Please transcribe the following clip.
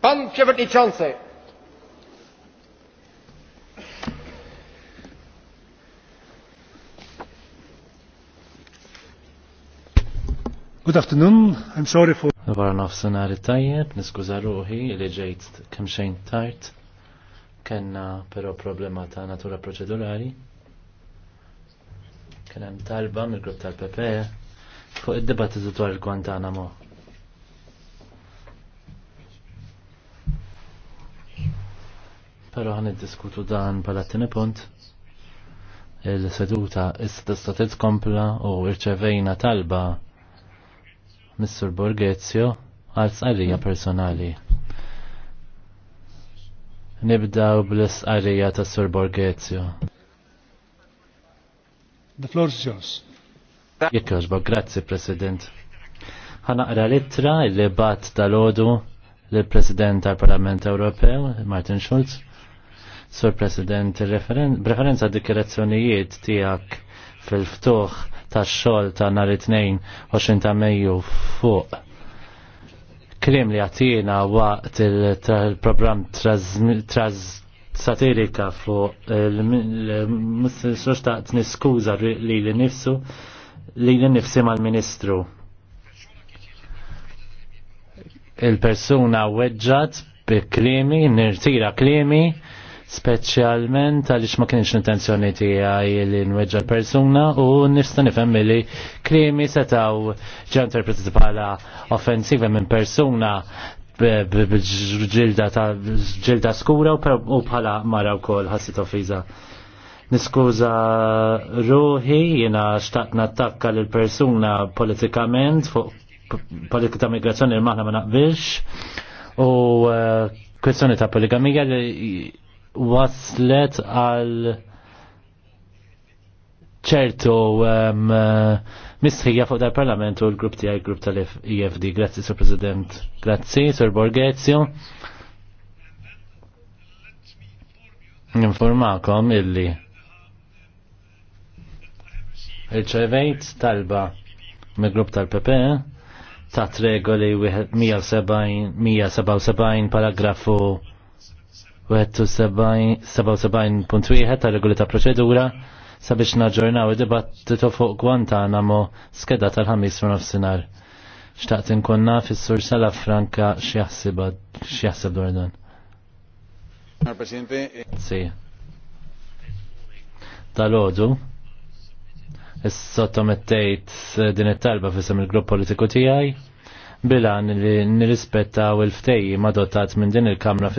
Pan Przewodniczący! Good afternoon, I'm sorry for... naf nafsenar tajjeb, niskuza ruħi li ġejt kemxejn tajt, kena pero problema ta' natura proċedurali. Kena talba mill-grupp tal-PPE fuq id-debattitu dwar il-Guantanamo. pero id diskutu dan pala t punt il-seduta istista titkompla u irċevejna talba Mr. Borghezio għal sqarrija personali. Nibdaw bl-sqarrija ta' Sur Borghezio. The floor is yours. Jekkoġba, grazzi President. Ħanaqra littra il-li bat tal-ħodu l-President tal-Parlament Ewropew, Martin Schulz, Sur President, referenza dikirazzjonijiet tijak fil-ftuħ ta' xol ta' nar it-tnejn 20 ta' Mejju fuq. Klim li għatina waqt il-program satirika fuq il t niskuza li li nifsu li li nifsi mal-ministru. Il-persuna weġġat bi klimi, nirtira klimi, speċjalment għaliex ma kienx intenzjoni tiegħi li nweġġa persuna u nista' nifhem li krimi setgħu ġew interpretati bħala offensiva minn persuna b'ġilda ta' ġilda skura u bħala mara wkoll ħassit offiża. Niskuża ruħi jiena xtaqt nattakka lil persuna politikament fuq politika ta' migrazzjoni l maħna ma naqbilx u eh, kwestjoni ta' poligamija li waslet għal ċertu um, uh, mistħija fuq dal parlament u l-grupp tijaj, l grupp tal ifd Grazzi, Sir President. Grazzi, Sir Borghezio. Informakom illi il irċevejt talba me grupp tal-PP ta' tregoli 177 paragrafu 77.1 ta' regoli ta' proċedura sabiex naġġornaw id-dibattitu fuq Guantanamo skeda tal-ħamis minn nofsinar. Xtaqt nkunna fis-sur sala franka x'jaħseb dwar dan. Eh, si. Tal-ħodu, sottomettejt din it-talba fisem il-grupp politiku tiegħi bilan li nirrispettaw il-ftejji madottat minn din il-Kamra